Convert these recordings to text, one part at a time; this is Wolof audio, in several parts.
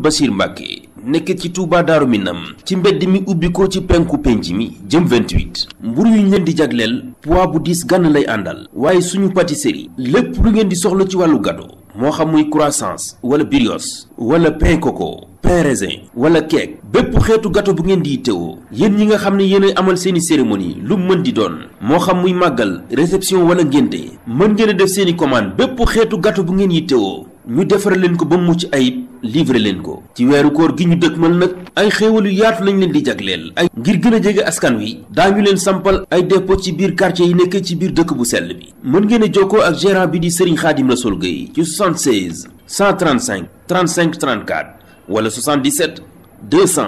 Basir Mbàkke nekk ci Touba Daaru Minam ci mbedd mi ubbi ko ci penku penc mi jëm 28 mburu yu ñu leen di jagleel poids bu diis gànn lay àndal waaye suñu pâtisserie lépp lu ngeen di soxla ci wàllu gato moo xam muy croissants wala brioche wala pain coco pain raisin wala cake bépp xeetu gato bu ngeen di teewoo yéen ñi nga xam ne yéen a amal seeni cérémonie lu mën di doon moo xam muy màggal réception wala ngénte mën ngeen a def seeni commande bépp xeetu gâteau bu ngeen yi teewoo ñu defar leen ko ba mucc ayib livre leen ko ci weeru koor gi ñu dëkkmal nag ay xéewal yu yaatu nañ leen di jagleel ay ngir gën a jege askan wi daañu leen sampal ay dépôt ci biir quartier yi nekk ci biir dëkk bu sell bi mën ngeen a jokkoo ak gérant bi di Serigne Khadim Rassoul Gueye ci 76 135 35 34 wala 77 200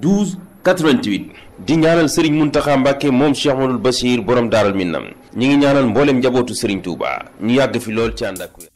12 88 di ñaanal sëriñ Muntaxa Mbàkke moom Cheikh Amadou Bachir borom daaral minnam ñi ngi ñaanal mbooleem njabootu sëriñ Touba ñu yàgg fi lool ci ànd ak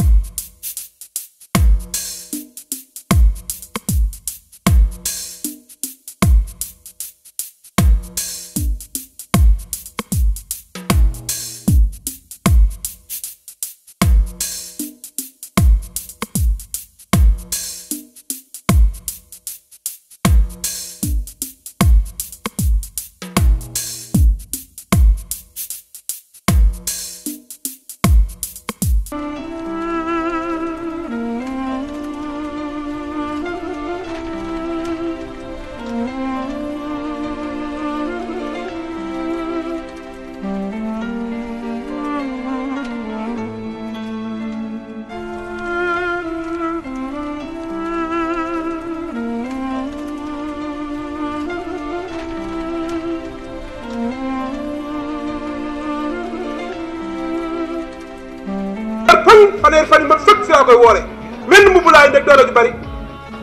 fanweer fan yi mat sëkk si laa koy woore mel ni mbubb laay ndeg doole ju bari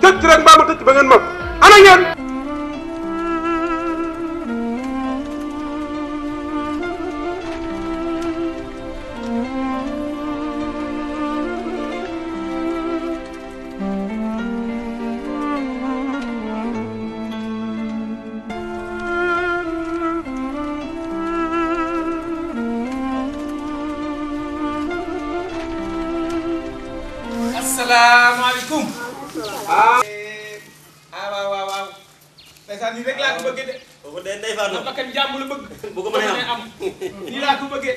jot ci rek mbaa ma tëcc ba ngeen mën ana ngeen asalaamaaleykum. waaw. ah waaw waaw waaw. ndeysaan nii rek laa ko bëggee de. boobu day day faatu. bakkan jàmm la bëgg. bu ko mënee am nii laa ko bëggee.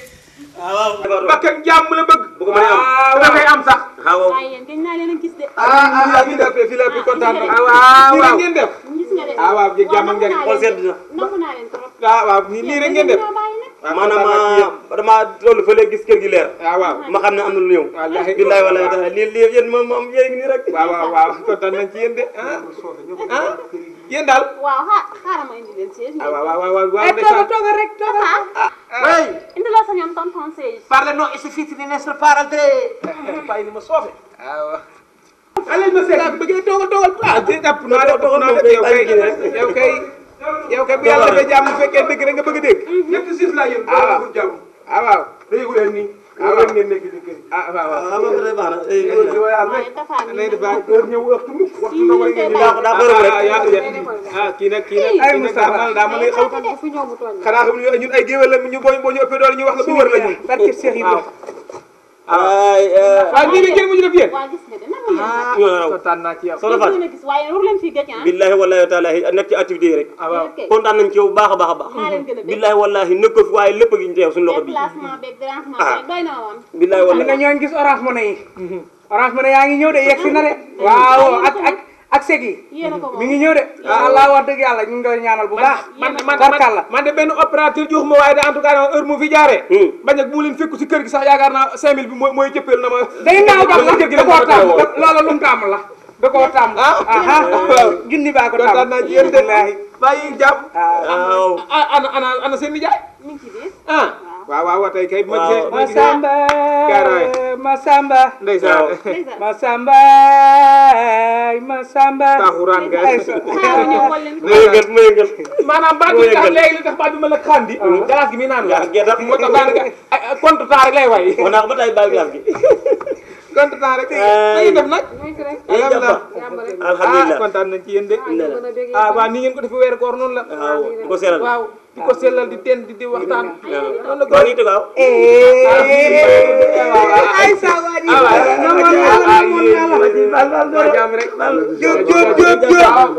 ah waaw. bakkan jàmm la bëgg. bu ko mënee am ah, da koy am sax. ah waaw waaye yéen gën naa leen a gis de. ah ah, ah fii la fii la fi kontaan na. ah waaw waaw ngeen def. gis nga de. ah waaw jàmm ak njëriñ xool sedd na. nangu naa leen trop. ah waaw nii rek ngeen def. maanaam dama loolu fële gis kër gi leer waaw ah, waaw ma xam ne am na lu ñëw ah, billaay wala taala lii lii yéen moom moom yéen nii rek waaw waaw waaw kontaan nañ ci yéen de ah, ah yéen daal waaw xaaral ma indi leen siège waaw waaw waaw waaw tooga eh, tooga rek tooga way indi la sa ñoom tonton siège parle non il suffit de ne se parle de pas il me sauve waaw allez ma seet bëggee toogal toogal ah jàpp naa la toogal yow kay yow kay yow kay bu yàlla defee jàmm bu fekkee dëgg rek nga bëgg a dégg. ñetti siis laa waaw ah, ah waaw. réewu ah, waaw ngeen nekk ci ah, waaw waaw xam nga baax na. lay def baax heure ñëw waxtu mu ay Moussa daa ma lay xaw xanaa xam ñun ay géwél wax la bu wër la ñu barke Cheikh yi waaw lii ngeen mujj def yéen. waaw gis nga de nan la ah, ñu. waaw kontaan naa ci yow. Ah. nekk ci activité yi rek. Ah, waaw kontaan ci yow baax a baax a baax. naa leen gën a billaahi wallaahi nekk ko fi waaye lépp a ngi teew suñu loxo bi. déplacement beeg dérangement beeg doy na woon. billaahi wallaahi nga ñoo ngi gis orange money yi. Mhm. orange yaa ngi ñëw de yegg si na de. Mhm. waaw ak seg mi ngi ñëw de allah wax dëgg yàlla ñu ngi koy ñaanal bu baax man barkalla man de benn opérateur jox ma waaye da en tout cas heure mu fi jaaree hmm. bañ ak bu leen fekku si kër gi sax yaakaar naa cinq mille bi mooy mooy jëppeel na ma day naaw gam la da koo tàmm loola lu la da koo aa junni baa ko tàmm naa ci yéen de bàyyi jàpp waaw ah. ah. ana ana ana seen nijaay mi ngi waaw waaw tey kay. waaw ma Masamba. ma Masamba Masamba. taxuraan nga ay sa. maanaam baat bi tax léegi li tax baat ma la xandi. Ah. galaas gi mi naan la. moo tax daanaka contre temps rek lay way. moo tax ba tey baal galaas gi. kontaan naa rek tey euh, def nag. alhamdulilah ah, kontaan nañ ci yéen de. ah, ah waa ni ngeen ko weer koor noonu la. waaw ko seeral waaw. di ko sellal di teen di di waxtaan. noonu la ñu tuggaaw. ay saa waay di. waaw waaw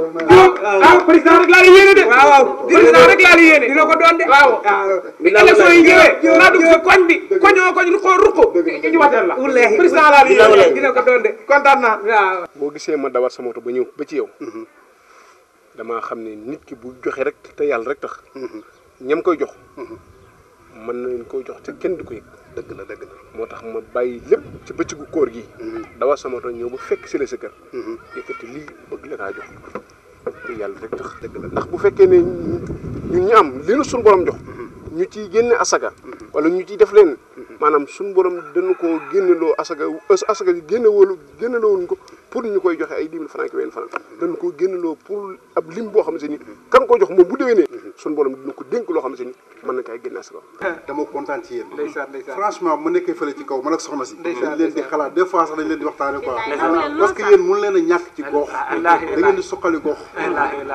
waaw waaw président rek laa la yéene de. waaw waaw président rek laa la yéene. dina ko doon de. waaw bi élection yi ñëwee naa dugg si koñ bi koñoo koñ ruqoo ruqoo. ñu wateel la. président laa la yéene dina ko doon de kontaan naa. boo gisee ma dawar sama moto ba ñëw ba ci yow. dama xam ne nit ki bu joxee rek te yàlla rek tax. ñam koy jox. mën na leen koy jox te kenn du ko yëg. dëgg la dëgg la moo tax ma bàyyi lépp ci bëccëgu koor gi. Mm-hmm. dawa sama tool ñëw ba fekk si la sa kër. Mm-hmm. yëkkati lii yàlla rek tax dëgg la ndax bu fekkee ne ñu ñaam li nu suñu borom jox. Mm-hmm. ñu ciy génne asaka. wala ñu ciy def leen. maanaam suñu borom dana ko génneloo asaka asaka génne woolu génne loo wuñ ko. pour ñu koy joxe ay dix mille franc ki wenn franc dañ ko génnloo pour ab lim boo xam ne ni kan ko jox moom bu déwénee suñu borom dina ko dénk loo xam ne ni mën na kaay génne asaka dama kontaan ci yéen ndeysaan ndeysaan ma nekkee fële ci kaw man ak soxna si leen di xalaat des sax leen di waxtaane quoi parce que yéen mun leen a ñàkk ci gox da di suqali gox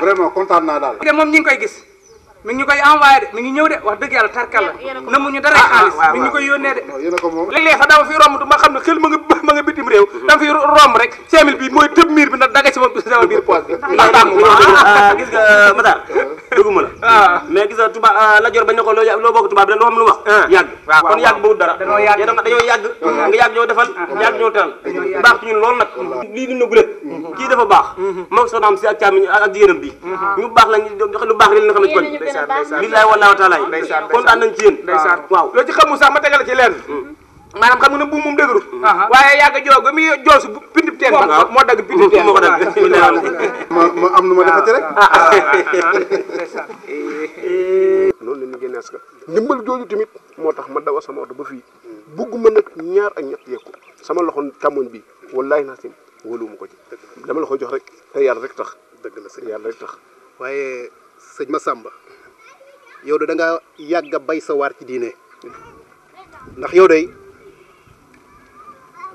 vraiment kontaan naa daal moom ñi ngi koy gis mi ngi ñu koy envoyé de mi ngi ñëw de wax dëgg yàlla tarkal la namuñu dara ah, ah, xaalis mi ngi ñu koy yónnee de léeg-léeg sax dama fi romb ma xam ne xel ma nga ma nga bitim réew mm-hmm. dama fi romb rek cinq bi mooy tëb miir bi ndax daga ci moom sama biir poos bi ndax tàmm ah, gis nga Matar uh-huh. dëgguma la ah. mais gis nga tubaab ah, la jor ba ne ko loo bokk tubaab bi dañoo xam lu wax ah. yàgg kon yàgg bawut dara dañoo yàgg nga yàgg ñoo defal yàgg ñoo teral baax ci loolu nag mm-hmm. lii dund gu lépp kii dafa baax moom mm-hmm. soxnaam si ak càmmiñ ak jigéenam bi mm-hmm. ñu baax lañ lu baax li na xam ne kon billaay wallaahi wa taala kontaan nañ ci yéen waaw loo ci xamul sax ma tegal ci leen maanaam xam nga ne bu moom dëgëru waaye yàgg joo ba muy joo moo dagg ma am nu ma defati rek ah, ah, ah, noonu la ñu génnee askan moo tax ma dawa sama oto fii bugguma nag ñaar ak sama loxo càmmoñ bi wallaay naa si wóoluwuma ko dama la koy jox rek te yàlla rek tax dëgg la sëñ yàlla rek tax waaye sëñ Massamba yow de da nga bay sa waar ci diine ndax yow de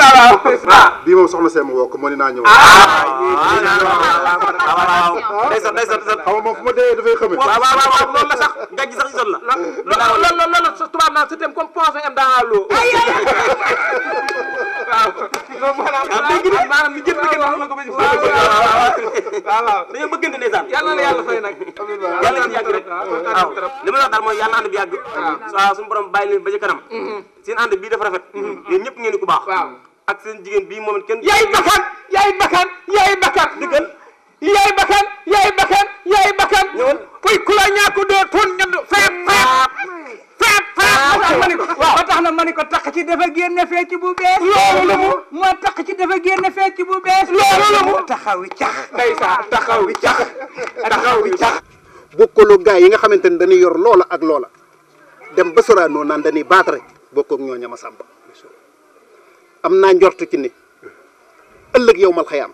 waaw waaw. bii moom soxna Seye ma woo ko moo ne naa ñëw. waaw moom fu ma dee dafay xamee. loolu la sax nga ji sax isol la. loolu loolu loolu tubaab naa c'était comme poisson em dans l'eau. waaw. maanaam li jënd ko waaw waaw dañoo bëggante ndeysaan yàlla la yàlla fay nag yàlla nañu yàgg rek waaw li ma la wax daal mooy yàlla ànd bi yàgg waaw suñu borom bàyyi leen ba ci kanam mm-hmm. seen ànd bii dafa rafet mm-hmm. yéen ñëpp ngeen di ku baax ak seen jigéen bii moom kenn yaay bakkan yaay bakkan yaay bakkan dëggal yaay bakkan yaay bakkan yaay bakkan ñëwal koy kula ñaako doo toon ñand feep feep ah. feep ah. mani ko waaw ba tax na ma ni ko tax ci dafa génne fecc bu bees loolu la mu moo tax ci dafa génne fecc bu bees taxaw cax ndeysaan taxaw cax taxaw cax bokkaloo gaa yi nga xamante ni dañuy yor loola ak loola dem ba Sorano naan dañuy baat rek bokkook ñoo ñama sàmba am naa njortu ci ni ëllëg yow mal xayaam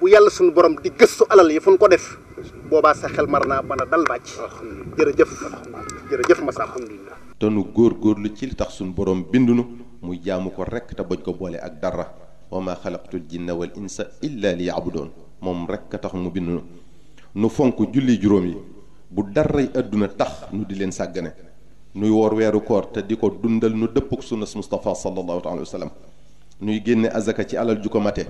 bu yàlla suñu borom di gëstu alal yi fu ñu ko def boobaa sa xel mar naa mën a dal bàcc jërëjëf jërëjëf ma sàmba te nu góor góorlu ci li tax suñu borom bindunu muy jaamu ko rek te bañ ko boole ak dara wa ma xalaqtul jinna wal insa illa li doon moom rek a tax mu bind nu fonk julli juróom yi bu daray àdduna tax nu di leen sàggane nuy woor weeru koor te di ko dundal nu dëppuk sunnas Mustafa sallallahu alayhi wa sallam nuy génne azaka ci alal ju ko mate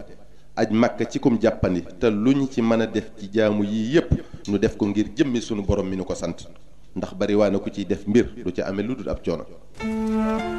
aj màkk ci kum jàppandi te lu ñu ci mën a def ci jaamu yii yépp nu def ko ngir jëmmi sunu borom mi nu ko sant ndax bari waa na ku ciy def mbir du ca amee lu dul ab coono